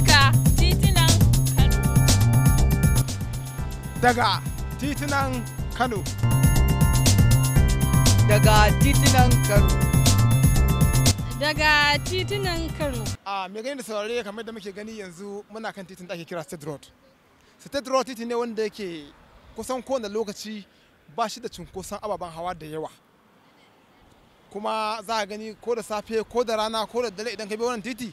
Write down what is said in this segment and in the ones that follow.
daga titunan Kano. Daga titunan Kano. Daga titunan Kano. Daga titunan Kano. A me gani da saurare kamar da muke gani yanzu muna kan titin da ake kira State Road. State Road titi ne wanda yake kusan kowane lokaci ba shi da cunkoson ababen hawa da yawa. kuma za a gani ko da safe ko da rana ko da dare idan ka bi wannan titi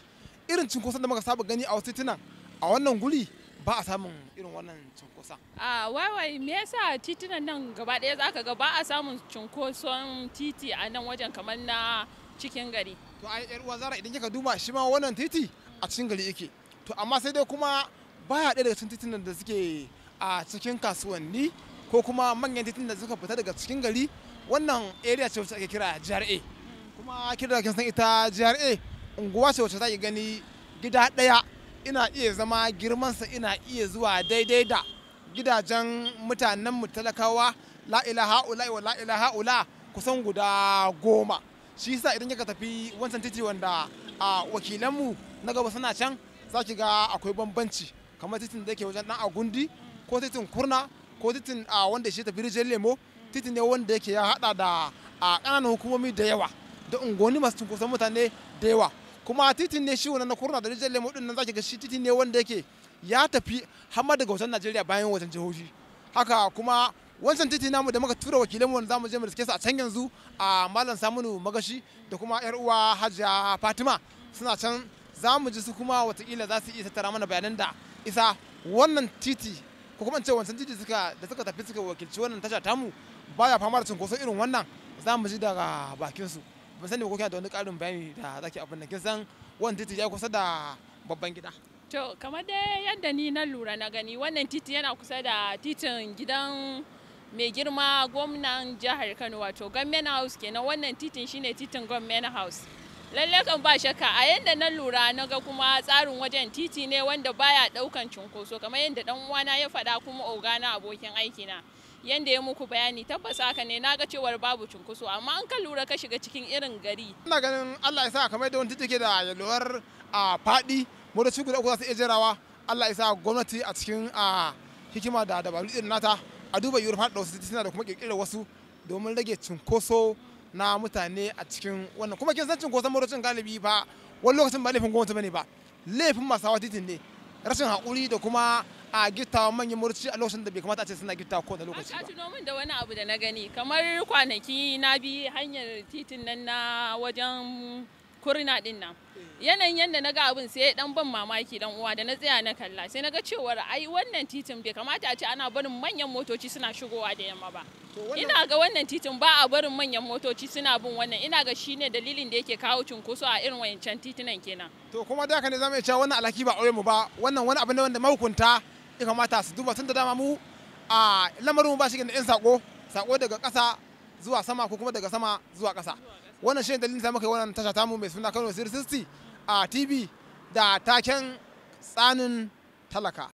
irin cinkoson da muka saba gani a wasu titunan a wannan guri ba a samun irin wannan cunkoson. A waiwai me yasa titunan nan gaba ɗaya za ka ga ba a samun cunkoson titi a nan wajen kamar na cikin gari. To a yi uwa zara idan kika duba shi ma wannan titi a cikin gari yake. To amma sai dai kuma baya ɗaya daga cikin titunan da suke a cikin kasuwanni ko kuma manyan titunan da suka fita daga cikin gari wannan area ce wacce ake kira A. Kuma kira da kin san ita A. unguwa ce wacce za gani gida ɗaya ina iya zama girmansa ina iya zuwa daidai da gidajen mutanenmu talakawa la'ila ha'ula wa la'ila ha'ula kusan guda goma shi yasa idan kika tafi wancan titi wanda a wakilanmu na gaba suna can za ki ga akwai bambanci kamar titin da ke wajen dan agundi ko titin kurna ko titin a wanda shi tafi rijiyar lemo titin ne wanda yake ya hada da a ƙananan hukumomi da yawa da unguwanni masu cunkoson mutane da yawa kuma titin ne shi wannan na kurna da rijiyar lemo din nan zaki ga shi titin ne wanda yake ya tafi hamma daga wasan Najeriya bayan wasan jihohi haka kuma wancan titi namu da muka tura wakilanmu wanda zamu je mu riske su a can yanzu a Malam Saminu Magashi da kuma yar uwa Hajiya Fatima suna can za mu ji su kuma watakila za su iya tattara mana bayanan da isa wannan titi ko kuma ce wancan titi suka da suka tafi suka wakilci wannan tasha tamu baya fama da cunkoso irin wannan zamu ji daga bakin su ba sani ko kina da wani karin bayani da zaki abin nan kin san wannan titi ya kusa da babban gida to kamar da yadda ni na lura na gani wannan titi yana kusa da titin gidan mai girma gwamnan jihar kano wato government house kenan wannan titin shine titin government house lallai kan ba shakka a yadda na lura na ga kuma tsarin wajen titi ne wanda baya daukan cunkoso kamar yadda dan uwana ya faɗa kuma ogana abokin aiki na. yanda ya muku bayani tabbas haka ne na ga cewar babu cunkoso amma an kan lura ka shiga cikin irin gari ina ganin Allah ya sa kamar yadda wani take da yalwar a faɗi motoci guda uku za su iya jerawa Allah ya sa gwamnati a cikin a hikima da dabaru irin nata a duba yiwuwar da wasu titina da kuma ƙirƙirar wasu domin rage cunkoso na mutane a cikin wannan kuma kin san cunkoson motocin galibi ba wani lokacin ba laifin gwamnati ba ne ba laifin masu hawa titin ne rashin haƙuri da kuma a gittawa manyan murci a lokacin da bai kamata a ce suna gittawa kowane lokaci ba. A tuno min da wani abu da na gani kamar kwanaki na bi hanyar titin nan na wajen kurna din nan. Yanayin yadda na ga abin sai ya dan ban mamaki dan uwa da na tsaya na kalla sai na ga cewar ai wannan titin bai kamata a ce ana barin manyan motoci suna shigowa da yamma ba. Ina ga wannan titin ba a barin manyan motoci suna bin wannan ina ga shine dalilin da yake kawo cunkoso a irin wayancan titunan kenan. To kuma da ka ne zamu iya cewa wannan alhaki ba aure mu ba wannan wani abu ne wanda mahukunta ya kamata su duba tun da dama mu a lamarin ba shi da yan sako sako daga ƙasa zuwa sama ko kuma daga sama zuwa ƙasa wannan shi ne dalilin da muka yi wannan tasha tamu mai suna Kano 60 a TV da taken tsanin talaka